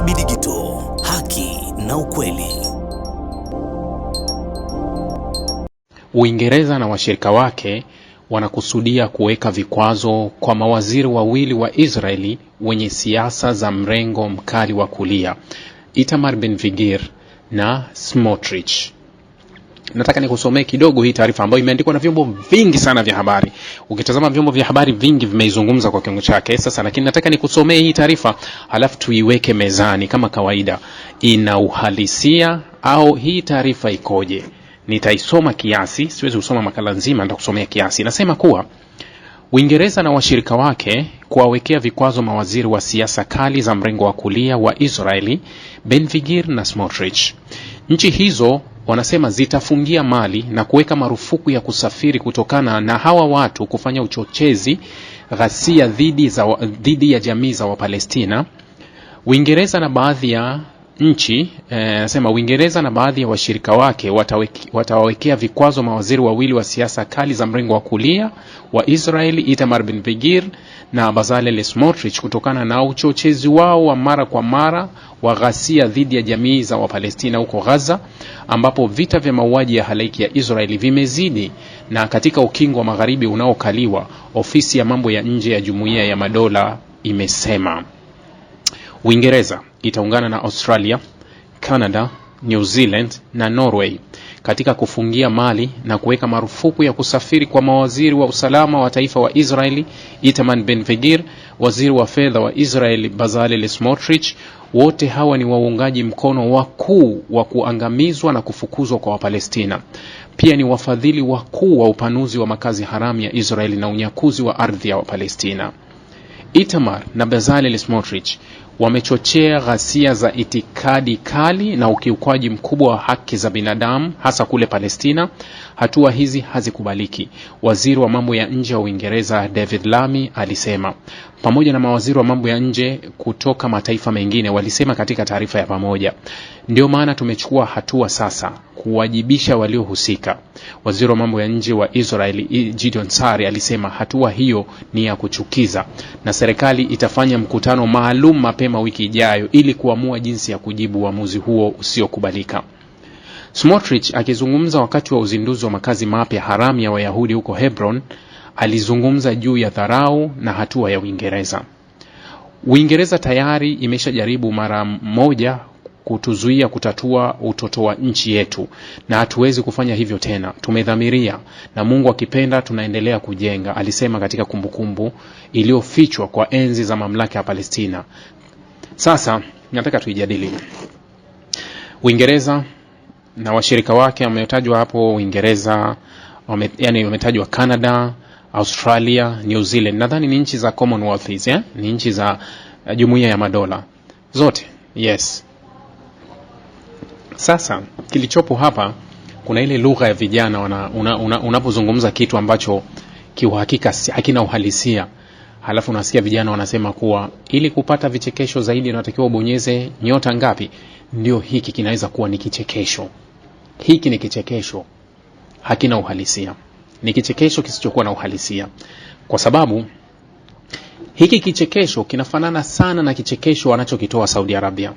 HB Digital, haki na ukweli. Uingereza na washirika wake wanakusudia kuweka vikwazo kwa mawaziri wawili wa Israeli wenye siasa za mrengo mkali wa kulia, Itamar Ben-Gvir na Smotrich. Nataka nikusomee kidogo hii taarifa ambayo imeandikwa na vyombo vingi sana vya habari. Ukitazama vyombo vya habari vingi vimeizungumza kwa kiungo chake sasa, lakini nataka nikusomee hii taarifa halafu tuiweke mezani kama kawaida. Ina uhalisia au hii taarifa ikoje? Nitaisoma kiasi, siwezi kusoma makala nzima, nitakusomea kiasi. Nasema kuwa Uingereza na washirika wake kuwawekea vikwazo mawaziri wa siasa kali za mrengo wa kulia wa Israeli Benvigir na Smotrich. Nchi hizo wanasema zitafungia mali na kuweka marufuku ya kusafiri kutokana na hawa watu kufanya uchochezi ghasia dhidi, za, dhidi ya jamii za Wapalestina. Uingereza na baadhi ya nchi eh, anasema eh, Uingereza na baadhi ya wa washirika wake watawawekea vikwazo mawaziri wawili wa siasa kali za mrengo wa kulia wa Israeli Itamar Ben-Gvir na Bezalel Smotrich kutokana na uchochezi wao wa mara kwa mara wa ghasia dhidi ya jamii za Wapalestina huko Gaza, ambapo vita vya mauaji ya halaiki ya Israeli vimezidi. Na katika ukingo wa magharibi unaokaliwa, ofisi ya mambo ya nje ya Jumuiya ya Madola imesema Uingereza itaungana na Australia, Canada, New Zealand na Norway katika kufungia mali na kuweka marufuku ya kusafiri kwa mawaziri wa usalama wa taifa wa Israeli Itamar Ben-Gvir, waziri wa fedha wa Israeli Bezalel Smotrich. Wote hawa ni waungaji mkono wakuu wa kuangamizwa na kufukuzwa kwa Wapalestina. Pia ni wafadhili wakuu wa upanuzi wa makazi haramu ya Israeli na unyakuzi wa ardhi ya Wapalestina. Itamar na Bezalel Smotrich wamechochea ghasia za itikadi kali na ukiukwaji mkubwa wa haki za binadamu hasa kule Palestina Hatua hizi hazikubaliki, waziri wa mambo ya nje wa Uingereza David Lammy alisema, pamoja na mawaziri wa mambo ya nje kutoka mataifa mengine walisema katika taarifa ya pamoja. Ndiyo maana tumechukua hatua sasa kuwajibisha waliohusika. Waziri wa mambo ya nje wa Israel Gideon Sari alisema hatua hiyo ni ya kuchukiza na serikali itafanya mkutano maalum mapema wiki ijayo ili kuamua jinsi ya kujibu uamuzi huo usiokubalika. Smotrich akizungumza wakati wa uzinduzi wa makazi mapya haramu ya Wayahudi huko Hebron, alizungumza juu ya dharau na hatua ya Uingereza. Uingereza tayari imeshajaribu mara moja kutuzuia kutatua utoto wa nchi yetu, na hatuwezi kufanya hivyo tena. Tumedhamiria na Mungu akipenda, tunaendelea kujenga, alisema katika kumbukumbu iliyofichwa kwa enzi za mamlaka ya Palestina. Sasa nataka tuijadili Uingereza na washirika wake wametajwa hapo Uingereza yaani wametajwa Canada, Australia, New Zealand. Nadhani ni nchi za Commonwealth hizi eh? Ni nchi za eh, jumuiya ya madola zote. Yes. Sasa kilichopo hapa kuna ile lugha ya vijana unapozungumza una, una kitu ambacho kiuhakika hakina uhalisia, halafu unasikia vijana wanasema kuwa ili kupata vichekesho zaidi unatakiwa ubonyeze nyota ngapi. Ndio hiki kinaweza kuwa ni kichekesho. Hiki ni kichekesho, hakina uhalisia, ni kichekesho kisichokuwa na uhalisia, kwa sababu hiki kichekesho kinafanana sana na kichekesho wanachokitoa Saudi Arabia.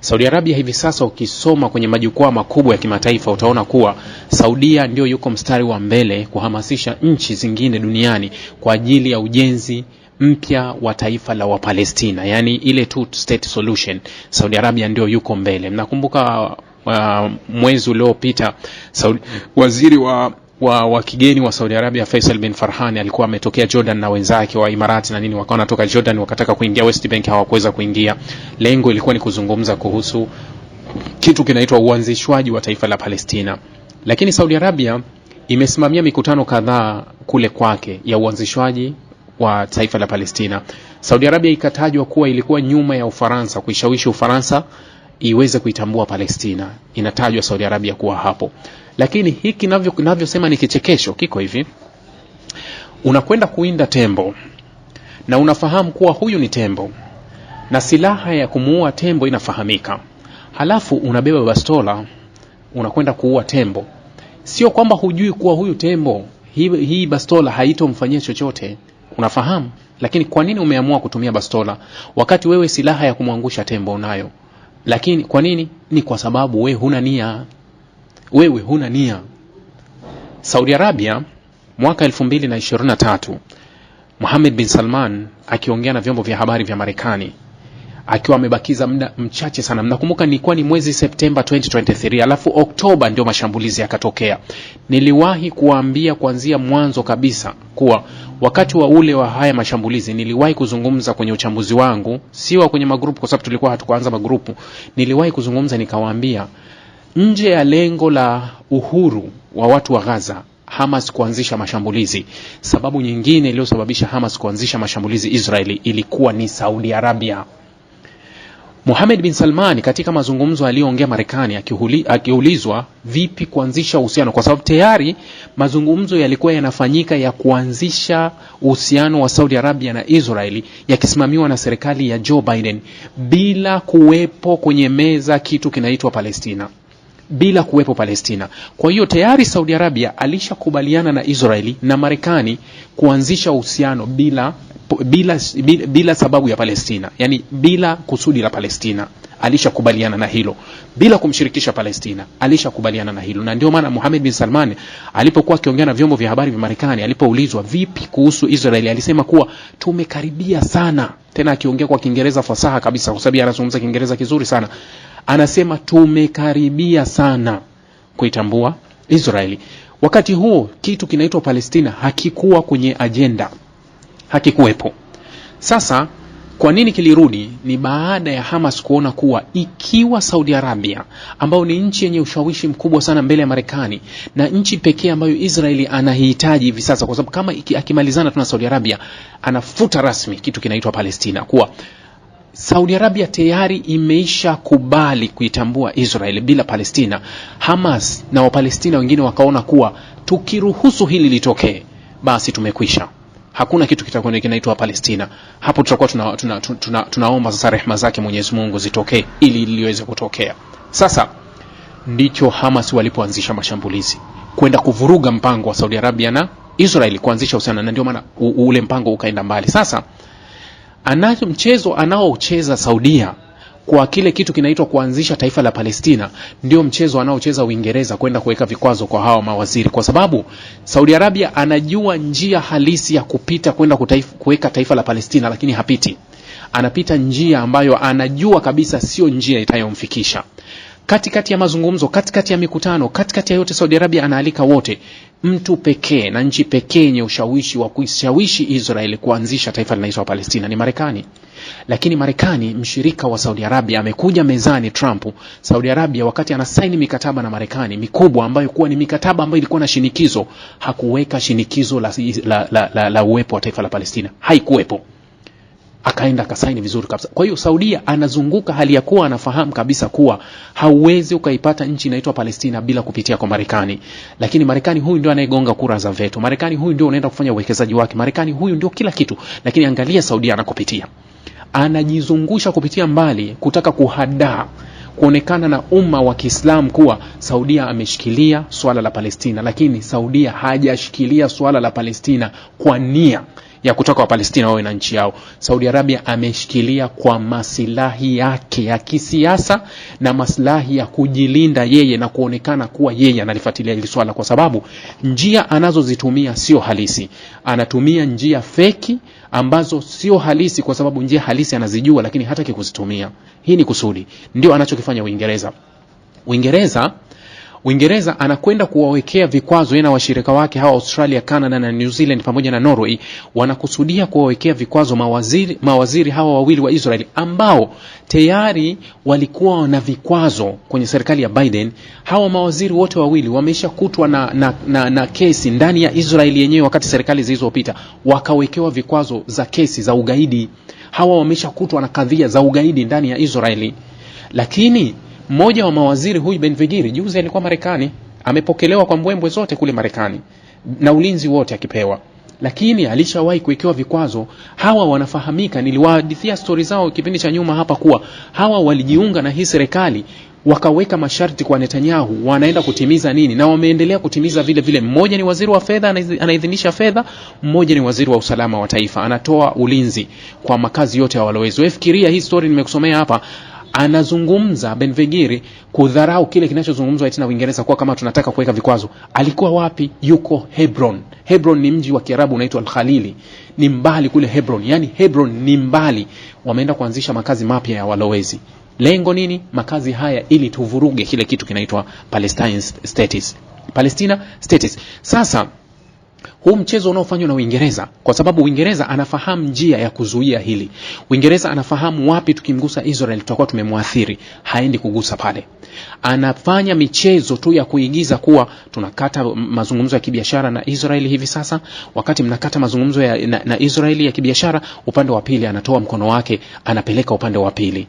Saudi Arabia hivi sasa ukisoma kwenye majukwaa makubwa ya kimataifa utaona kuwa Saudia ndio yuko mstari wa mbele kuhamasisha nchi zingine duniani kwa ajili ya ujenzi mpya wa taifa la Wapalestina, yaani ile two state solution. Saudi Arabia ndio yuko mbele. Mnakumbuka uh, mwezi uliopita waziri wa wa, wa kigeni wa Saudi Arabia Faisal bin Farhan alikuwa ametokea Jordan na wenzake wa Imarati na nini, wakawa wanatoka Jordan wakataka kuingia West Bank, hawakuweza kuingia. Lengo ilikuwa ni kuzungumza kuhusu kitu kinaitwa uanzishwaji wa taifa la Palestina, lakini Saudi Arabia imesimamia mikutano kadhaa kule kwake ya uanzishwaji wa taifa la Palestina. Saudi Arabia ikatajwa kuwa ilikuwa nyuma ya Ufaransa kuishawishi Ufaransa iweze kuitambua Palestina, inatajwa Saudi Arabia kuwa hapo. Lakini hiki ninavyosema navyo ni kichekesho, kiko hivi: unakwenda kuinda tembo na unafahamu kuwa huyu ni tembo na silaha ya kumuua tembo inafahamika, halafu unabeba bastola unakwenda kuua tembo. Sio kwamba hujui kuwa huyu tembo hii, hii bastola haitomfanyia chochote, unafahamu. Lakini kwa nini umeamua kutumia bastola wakati wewe silaha ya kumwangusha tembo unayo? Lakini kwa nini? Ni kwa sababu wewe huna nia, wewe huna nia. Saudi Arabia mwaka 2023 muhamed bin Salman akiongea na vyombo vya habari vya Marekani akiwa amebakiza muda mchache sana. Mnakumbuka nilikuwa ni mwezi Septemba 2023, alafu Oktoba ndio mashambulizi yakatokea. Niliwahi kuambia kuanzia mwanzo kabisa kuwa wakati wa ule wa haya mashambulizi niliwahi kuzungumza kwenye uchambuzi wangu, sio kwenye magrupu, kwa sababu tulikuwa hatukuanza magrupu. Niliwahi kuzungumza nikawaambia, nje ya lengo la uhuru wa watu wa Gaza Hamas kuanzisha mashambulizi. Sababu nyingine iliyosababisha Hamas kuanzisha mashambulizi Israeli ilikuwa ni Saudi Arabia. Mohamed bin salmani katika mazungumzo aliyoongea Marekani akiulizwa vipi kuanzisha uhusiano, kwa sababu tayari mazungumzo yalikuwa yanafanyika ya kuanzisha uhusiano wa Saudi Arabia na Israeli yakisimamiwa na serikali ya Joe Biden bila kuwepo kwenye meza kitu kinaitwa Palestina bila kuwepo Palestina. Kwa hiyo tayari Saudi Arabia alishakubaliana na Israeli na Marekani kuanzisha uhusiano bila bila, bila, bila sababu ya Palestina, yani bila kusudi la Palestina alishakubaliana na hilo bila kumshirikisha Palestina, alishakubaliana na hilo. Na ndio maana Mohammed bin Salman alipokuwa akiongea na vyombo vya habari vya Marekani, alipoulizwa vipi kuhusu Israeli, alisema kuwa tumekaribia sana, tena akiongea kwa Kiingereza fasaha kabisa, kwa sababu anazungumza Kiingereza kizuri sana. Anasema tumekaribia sana kuitambua Israeli. Wakati huo kitu kinaitwa Palestina hakikuwa kwenye ajenda, hakikuwepo. Sasa kwa nini kilirudi? Ni baada ya Hamas kuona kuwa ikiwa Saudi Arabia ambayo ni nchi yenye ushawishi mkubwa sana mbele ya Marekani na nchi pekee ambayo Israeli anahitaji hivi sasa, kwa sababu kama akimalizana tu na Saudi Arabia anafuta rasmi kitu kinaitwa Palestina, kuwa Saudi Arabia tayari imeisha kubali kuitambua Israel bila Palestina. Hamas na Wapalestina wengine wakaona kuwa tukiruhusu hili litokee, basi tumekwisha hakuna kitu kitakwenda kinaitwa Palestina. Hapo tutakuwa tuna, tuna, tuna, tuna, tunaomba sasa rehema zake Mwenyezi Mungu zitokee ili liweze kutokea. Sasa ndicho Hamas walipoanzisha mashambulizi kwenda kuvuruga mpango wa Saudi Arabia na Israel kuanzisha uhusiano, na ndio maana ule mpango ukaenda mbali. Sasa anacho mchezo anaocheza Saudia kwa kile kitu kinaitwa kuanzisha taifa la Palestina, ndio mchezo anaocheza Uingereza kwenda kuweka vikwazo kwa hawa mawaziri, kwa sababu Saudi Arabia anajua njia halisi ya kupita kwenda kuweka taifa la Palestina, lakini hapiti. Anapita njia ambayo anajua kabisa sio njia itayomfikisha katikati kati ya mazungumzo, katikati kati ya mikutano, katikati kati ya yote, Saudi Arabia anaalika wote. Mtu pekee na nchi pekee yenye ushawishi wa kuishawishi Israel kuanzisha taifa linaloitwa Palestina ni Marekani. Lakini Marekani, mshirika wa Saudi Arabia, amekuja mezani Trump. Saudi Arabia wakati anasaini mikataba na Marekani mikubwa ambayo kuwa ni mikataba ambayo ilikuwa na shinikizo, hakuweka shinikizo la, la, la, la, la uwepo wa taifa la Palestina, haikuwepo akaenda akasaini vizuri kabisa. Kwa hiyo Saudia anazunguka hali ya kuwa anafahamu kabisa kuwa hauwezi ukaipata nchi inaitwa Palestina bila kupitia kwa Marekani, lakini Marekani huyu ndio anayegonga kura za veto. Marekani huyu ndio unaenda kufanya uwekezaji wake. Marekani huyu ndio kila kitu, lakini angalia Saudia anakopitia, anajizungusha kupitia mbali kutaka kuhadaa kuonekana na umma wa Kiislamu kuwa Saudia ameshikilia swala la Palestina, lakini Saudia hajashikilia swala la Palestina kwa nia ya kutaka Wapalestina wawe na nchi yao. Saudi Arabia ameshikilia kwa masilahi yake ya kisiasa na masilahi ya kujilinda yeye na kuonekana kuwa yeye analifuatilia hili swala, kwa sababu njia anazozitumia sio halisi. Anatumia njia feki ambazo sio halisi, kwa sababu njia halisi anazijua, lakini hataki kuzitumia. Hii ni kusudi, ndio anachokifanya Uingereza. Uingereza Uingereza anakwenda kuwawekea vikwazo yeye na washirika wake hawa Australia, Canada na New Zealand pamoja na Norway. Wanakusudia kuwawekea vikwazo mawaziri, mawaziri hawa wawili wa Israel ambao tayari walikuwa na vikwazo kwenye serikali ya Biden. Hawa mawaziri wote wawili wameisha kutwa na, na, na, na kesi ndani ya Israel yenyewe, wakati serikali zilizopita wakawekewa vikwazo za kesi za ugaidi. Hawa wameisha kutwa na kadhia za ugaidi ndani ya Israeli, lakini mmoja wa mawaziri huyu Benvigiri juzi alikuwa Marekani, amepokelewa kwa mbwembwe zote kule Marekani na ulinzi wote akipewa, lakini alishawahi kuwekewa vikwazo. Hawa wanafahamika, niliwahadithia stori zao kipindi cha nyuma hapa, kuwa hawa walijiunga na hii serikali wakaweka masharti kwa Netanyahu wanaenda kutimiza nini, na wameendelea kutimiza vile vile. Mmoja ni waziri wa fedha anaidhinisha fedha, mmoja ni waziri wa usalama wa taifa anatoa ulinzi kwa makazi yote ya walowezi. Wewe fikiria hii story nimekusomea hapa, anazungumza Benvegiri kudharau kile kinachozungumzwa eti na Uingereza kuwa kama tunataka kuweka vikwazo. Alikuwa wapi? Yuko Hebron. Hebron ni mji wa Kiarabu unaitwa Al-Khalili, ni mbali kule Hebron, yani Hebron ni mbali. Wameenda kuanzisha makazi mapya ya walowezi. Lengo nini makazi haya? Ili tuvuruge kile kitu kinaitwa Palestine status, Palestina status. Sasa huu mchezo unaofanywa na Uingereza, kwa sababu Uingereza anafahamu njia ya kuzuia hili. Uingereza anafahamu wapi, tukimgusa Israel tutakuwa tumemwathiri, haendi kugusa pale. Anafanya michezo tu ya kuigiza kuwa tunakata mazungumzo ya kibiashara na Israel hivi sasa. Wakati mnakata mazungumzo ya, na, na Israel ya kibiashara, upande wa pili anatoa mkono wake, anapeleka upande wa pili.